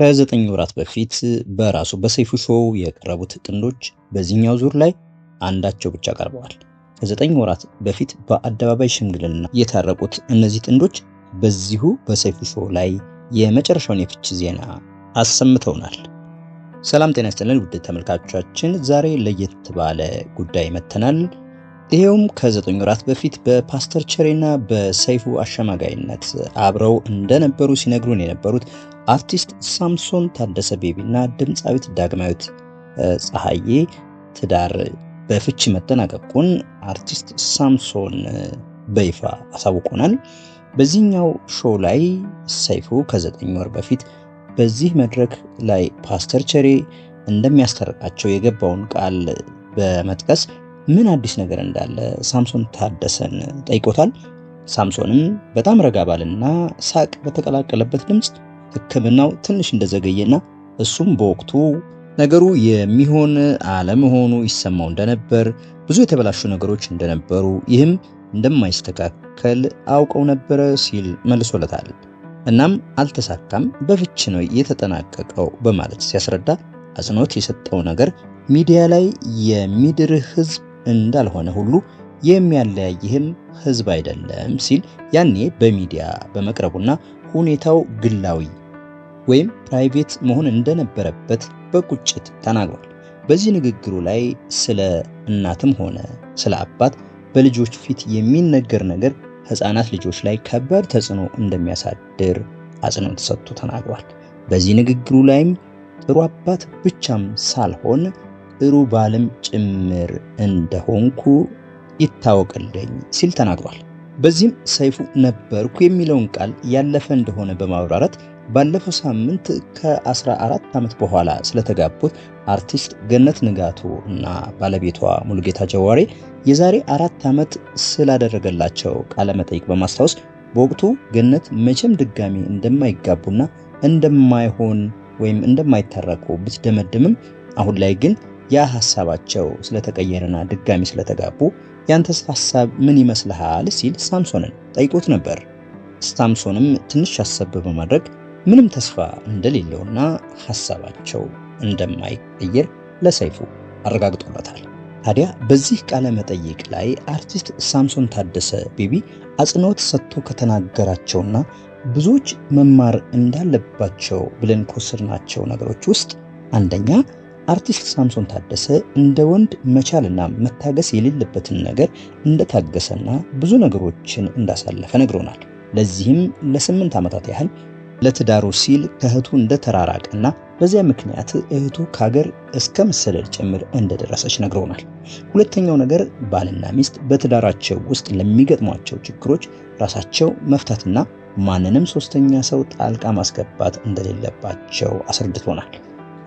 ከዘጠኝ ወራት በፊት በራሱ በሰይፉ ሾው የቀረቡት ጥንዶች በዚህኛው ዙር ላይ አንዳቸው ብቻ ቀርበዋል። ከዘጠኝ ወራት በፊት በአደባባይ ሽምግልና የታረቁት እነዚህ ጥንዶች በዚሁ በሰይፉ ሾው ላይ የመጨረሻውን የፍቺ ዜና አሰምተውናል። ሰላም ጤና ይስጥልን ውድ ተመልካቾቻችን፣ ዛሬ ለየት ባለ ጉዳይ መጥተናል። ይሄውም ከዘጠኝ ወራት በፊት በፓስተር ቸሬና በሰይፉ አሸማጋይነት አብረው እንደነበሩ ሲነግሩን የነበሩት አርቲስት ሳምሶን ታደሰ ቤቢና ድምፃዊት ዳግማዊት ፀሐዬ ትዳር በፍቺ መጠናቀቁን አርቲስት ሳምሶን በይፋ አሳውቆናል። በዚህኛው ሾው ላይ ሰይፉ ከዘጠኝ ወር በፊት በዚህ መድረክ ላይ ፓስተር ቸሬ እንደሚያስታርቃቸው የገባውን ቃል በመጥቀስ ምን አዲስ ነገር እንዳለ ሳምሶን ታደሰን ጠይቆታል። ሳምሶንም በጣም ረጋ ባልና ሳቅ በተቀላቀለበት ድምፅ ሕክምናው ትንሽ እንደዘገየና እሱም በወቅቱ ነገሩ የሚሆን አለመሆኑ ይሰማው እንደነበር ብዙ የተበላሹ ነገሮች እንደነበሩ ይህም እንደማይስተካከል አውቀው ነበረ ሲል መልሶለታል። እናም አልተሳካም፣ በፍች ነው የተጠናቀቀው በማለት ሲያስረዳ አጽንኦት የሰጠው ነገር ሚዲያ ላይ የሚድር ህዝብ እንዳልሆነ ሁሉ የሚያለያይህም ህዝብ አይደለም ሲል ያኔ በሚዲያ በመቅረቡና ሁኔታው ግላዊ ወይም ፕራይቬት መሆን እንደነበረበት በቁጭት ተናግሯል። በዚህ ንግግሩ ላይ ስለ እናትም ሆነ ስለ አባት በልጆች ፊት የሚነገር ነገር ህፃናት ልጆች ላይ ከባድ ተጽዕኖ እንደሚያሳድር አጽንኦት ሰጥቶ ተናግሯል። በዚህ ንግግሩ ላይም ጥሩ አባት ብቻም ሳልሆን ሩባልም ጭምር እንደሆንኩ ይታወቅልኝ ሲል ተናግሯል። በዚህም ሰይፉ ነበርኩ የሚለውን ቃል ያለፈ እንደሆነ በማብራራት ባለፈው ሳምንት ከ14 ዓመት በኋላ ስለተጋቡት አርቲስት ገነት ንጋቱ እና ባለቤቷ ሙሉጌታ ጀዋሬ የዛሬ አራት ዓመት ስላደረገላቸው ቃለ መጠይቅ በማስታወስ በወቅቱ ገነት መቼም ድጋሚ እንደማይጋቡና እንደማይሆን ወይም እንደማይታረቁ ብትደመድምም አሁን ላይ ግን ያ ሐሳባቸው ስለተቀየረና ድጋሚ ስለተጋቡ ያንተስ ሐሳብ ምን ይመስልሃል ሲል ሳምሶንን ጠይቆት ነበር። ሳምሶንም ትንሽ አሰብ በማድረግ ምንም ተስፋ እንደሌለውና ሐሳባቸው እንደማይቀየር ለሰይፉ አረጋግጦለታል። ታዲያ በዚህ ቃለ መጠይቅ ላይ አርቲስት ሳምሶን ታደሰ ቤቢ አጽንኦት ሰጥቶ ከተናገራቸውና ብዙዎች መማር እንዳለባቸው ብለን ከወሰድናቸው ነገሮች ውስጥ አንደኛ አርቲስት ሳምሶን ታደሰ እንደ ወንድ መቻልና መታገስ የሌለበትን ነገር እንደታገሰና ብዙ ነገሮችን እንዳሳለፈ ነግሮናል። ለዚህም ለስምንት ዓመታት ያህል ለትዳሩ ሲል ከእህቱ እንደተራራቀና በዚያ ምክንያት እህቱ ከሀገር እስከ መሰደድ ጭምር እንደደረሰች ነግሮናል። ሁለተኛው ነገር ባልና ሚስት በትዳራቸው ውስጥ ለሚገጥሟቸው ችግሮች ራሳቸው መፍታትና ማንንም ሶስተኛ ሰው ጣልቃ ማስገባት እንደሌለባቸው አስረድቶናል።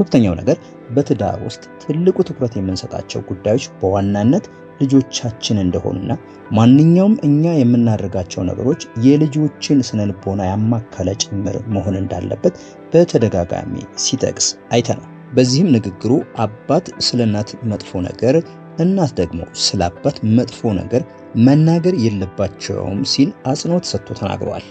ሁለተኛው ነገር በትዳር ውስጥ ትልቁ ትኩረት የምንሰጣቸው ጉዳዮች በዋናነት ልጆቻችን እንደሆኑና ማንኛውም እኛ የምናደርጋቸው ነገሮች የልጆችን ስነልቦና ያማከለ ጭምር መሆን እንዳለበት በተደጋጋሚ ሲጠቅስ አይተናል። በዚህም ንግግሩ አባት ስለ እናት መጥፎ ነገር፣ እናት ደግሞ ስለ አባት መጥፎ ነገር መናገር የለባቸውም ሲል አጽንኦት ሰጥቶ ተናግረዋል።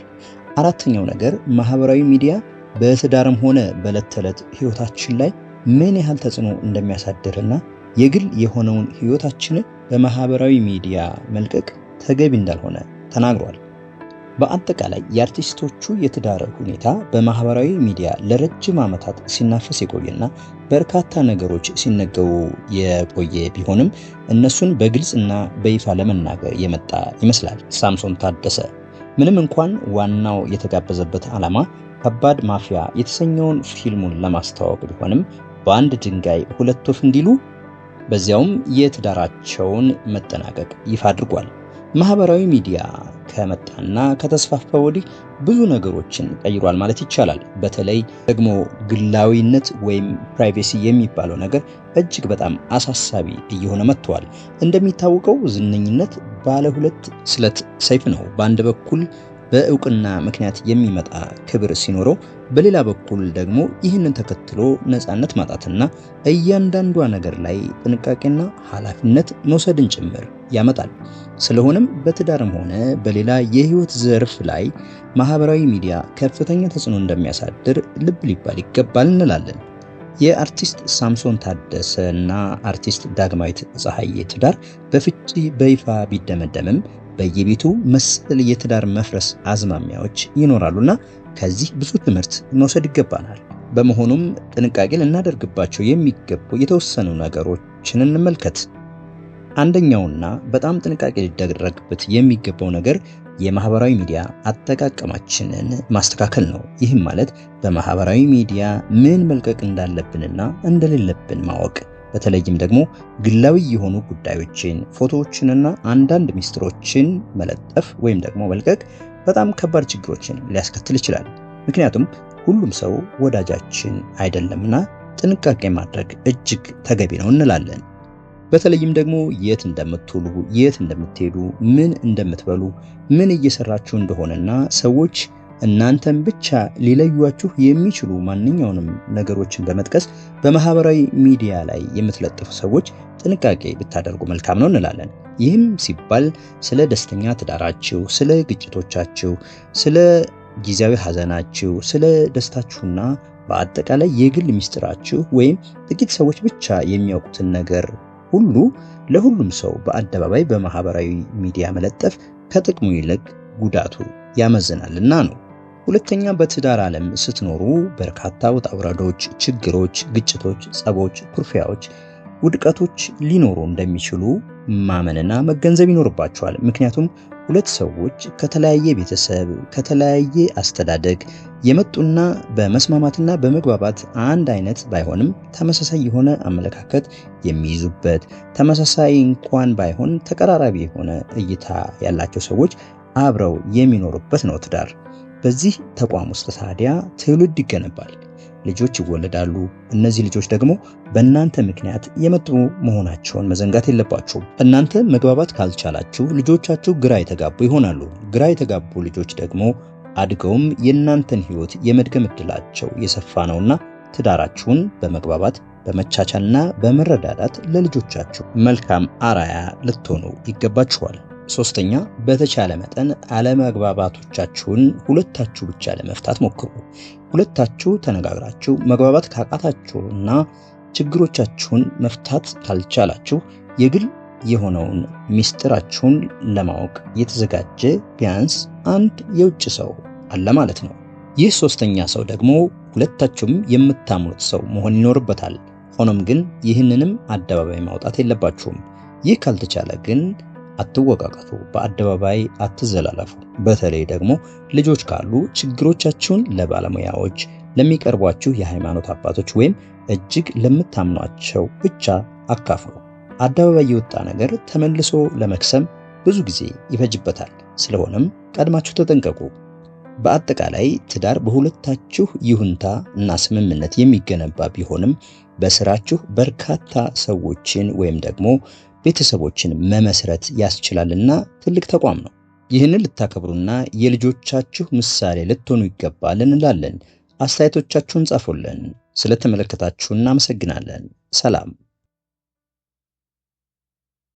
አራተኛው ነገር ማህበራዊ ሚዲያ በትዳርም ሆነ በዕለት ተዕለት ሕይወታችን ላይ ምን ያህል ተጽዕኖ እንደሚያሳድርና የግል የሆነውን ሕይወታችንን በማኅበራዊ ሚዲያ መልቀቅ ተገቢ እንዳልሆነ ተናግሯል። በአጠቃላይ የአርቲስቶቹ የትዳር ሁኔታ በማኅበራዊ ሚዲያ ለረጅም ዓመታት ሲናፈስ የቆየና በርካታ ነገሮች ሲነገሩ የቆየ ቢሆንም እነሱን በግልጽና በይፋ ለመናገር የመጣ ይመስላል። ሳምሶን ታደሰ ምንም እንኳን ዋናው የተጋበዘበት ዓላማ ከባድ ማፊያ የተሰኘውን ፊልሙን ለማስተዋወቅ ቢሆንም በአንድ ድንጋይ ሁለት ወፍ እንዲሉ በዚያውም የትዳራቸውን መጠናቀቅ ይፋ አድርጓል። ማህበራዊ ሚዲያ ከመጣና ከተስፋፋ ወዲህ ብዙ ነገሮችን ቀይሯል ማለት ይቻላል። በተለይ ደግሞ ግላዊነት ወይም ፕራይቬሲ የሚባለው ነገር እጅግ በጣም አሳሳቢ እየሆነ መጥተዋል። እንደሚታወቀው ዝነኝነት ባለ ሁለት ስለት ሰይፍ ነው። በአንድ በኩል በእውቅና ምክንያት የሚመጣ ክብር ሲኖረው፣ በሌላ በኩል ደግሞ ይህንን ተከትሎ ነፃነት ማጣትና እያንዳንዷ ነገር ላይ ጥንቃቄና ኃላፊነት መውሰድን ጭምር ያመጣል። ስለሆነም በትዳርም ሆነ በሌላ የህይወት ዘርፍ ላይ ማህበራዊ ሚዲያ ከፍተኛ ተጽዕኖ እንደሚያሳድር ልብ ሊባል ይገባል እንላለን። የአርቲስት ሳምሶን ታደሰ እና አርቲስት ዳግማዊት ፀሐዬ ትዳር በፍቺ በይፋ ቢደመደምም በየቤቱ መሰል የትዳር መፍረስ አዝማሚያዎች ይኖራሉና ከዚህ ብዙ ትምህርት መውሰድ ይገባናል። በመሆኑም ጥንቃቄ ልናደርግባቸው የሚገቡ የተወሰኑ ነገሮችን እንመልከት። አንደኛውና በጣም ጥንቃቄ ሊደረግበት የሚገባው ነገር የማህበራዊ ሚዲያ አጠቃቀማችንን ማስተካከል ነው። ይህም ማለት በማህበራዊ ሚዲያ ምን መልቀቅ እንዳለብንና እንደሌለብን ማወቅ፣ በተለይም ደግሞ ግላዊ የሆኑ ጉዳዮችን፣ ፎቶዎችንና አንዳንድ ሚስጥሮችን መለጠፍ ወይም ደግሞ መልቀቅ በጣም ከባድ ችግሮችን ሊያስከትል ይችላል። ምክንያቱም ሁሉም ሰው ወዳጃችን አይደለምና ጥንቃቄ ማድረግ እጅግ ተገቢ ነው እንላለን። በተለይም ደግሞ የት እንደምትውሉ፣ የት እንደምትሄዱ፣ ምን እንደምትበሉ፣ ምን እየሰራችሁ እንደሆነና ሰዎች እናንተን ብቻ ሊለዩችሁ የሚችሉ ማንኛውንም ነገሮችን በመጥቀስ በማህበራዊ ሚዲያ ላይ የምትለጥፉ ሰዎች ጥንቃቄ ብታደርጉ መልካም ነው እንላለን። ይህም ሲባል ስለ ደስተኛ ትዳራችሁ፣ ስለ ግጭቶቻችሁ፣ ስለ ጊዜያዊ ሐዘናችሁ፣ ስለ ደስታችሁና በአጠቃላይ የግል ሚስጥራችሁ ወይም ጥቂት ሰዎች ብቻ የሚያውቁትን ነገር ሁሉ ለሁሉም ሰው በአደባባይ በማህበራዊ ሚዲያ መለጠፍ ከጥቅሙ ይልቅ ጉዳቱ ያመዝናልና ነው። ሁለተኛ በትዳር ዓለም ስትኖሩ በርካታ ውጣ ችግሮች፣ ግጭቶች፣ ጸቦች፣ ኩርፊያዎች፣ ውድቀቶች ሊኖሩ እንደሚችሉ ማመንና መገንዘብ ይኖርባቸዋል ምክንያቱም ሁለት ሰዎች ከተለያየ ቤተሰብ ከተለያየ አስተዳደግ የመጡና በመስማማትና በመግባባት አንድ አይነት ባይሆንም ተመሳሳይ የሆነ አመለካከት የሚይዙበት ተመሳሳይ እንኳን ባይሆን ተቀራራቢ የሆነ እይታ ያላቸው ሰዎች አብረው የሚኖሩበት ነው ትዳር። በዚህ ተቋም ውስጥ ታዲያ ትውልድ ይገነባል። ልጆች ይወለዳሉ። እነዚህ ልጆች ደግሞ በእናንተ ምክንያት የመጡ መሆናቸውን መዘንጋት የለባችሁም። እናንተ መግባባት ካልቻላችሁ ልጆቻችሁ ግራ የተጋቡ ይሆናሉ። ግራ የተጋቡ ልጆች ደግሞ አድገውም የእናንተን ሕይወት የመድገም ዕድላቸው የሰፋ ነውና ትዳራችሁን በመግባባት በመቻቻልና በመረዳዳት ለልጆቻችሁ መልካም አራያ ልትሆኑ ይገባችኋል። ሶስተኛ በተቻለ መጠን አለመግባባቶቻችሁን ሁለታችሁ ብቻ ለመፍታት ሞክሩ። ሁለታችሁ ተነጋግራችሁ መግባባት ካቃታችሁና ችግሮቻችሁን መፍታት ካልቻላችሁ የግል የሆነውን ሚስጥራችሁን ለማወቅ የተዘጋጀ ቢያንስ አንድ የውጭ ሰው አለ ማለት ነው። ይህ ሶስተኛ ሰው ደግሞ ሁለታችሁም የምታምኑት ሰው መሆን ይኖርበታል። ሆኖም ግን ይህንንም አደባባይ ማውጣት የለባችሁም። ይህ ካልተቻለ ግን አትወቃቀቱ፣ በአደባባይ አትዘላለፉ። በተለይ ደግሞ ልጆች ካሉ ችግሮቻችሁን ለባለሙያዎች፣ ለሚቀርቧችሁ የሃይማኖት አባቶች ወይም እጅግ ለምታምኗቸው ብቻ አካፍሉ። አደባባይ የወጣ ነገር ተመልሶ ለመክሰም ብዙ ጊዜ ይፈጅበታል። ስለሆነም ቀድማችሁ ተጠንቀቁ። በአጠቃላይ ትዳር በሁለታችሁ ይሁንታ እና ስምምነት የሚገነባ ቢሆንም በስራችሁ በርካታ ሰዎችን ወይም ደግሞ ቤተሰቦችን መመስረት ያስችላልና ትልቅ ተቋም ነው። ይህንን ልታከብሩና የልጆቻችሁ ምሳሌ ልትሆኑ ይገባል እንላለን። አስተያየቶቻችሁን ጻፉልን። ስለተመለከታችሁ እናመሰግናለን። ሰላም።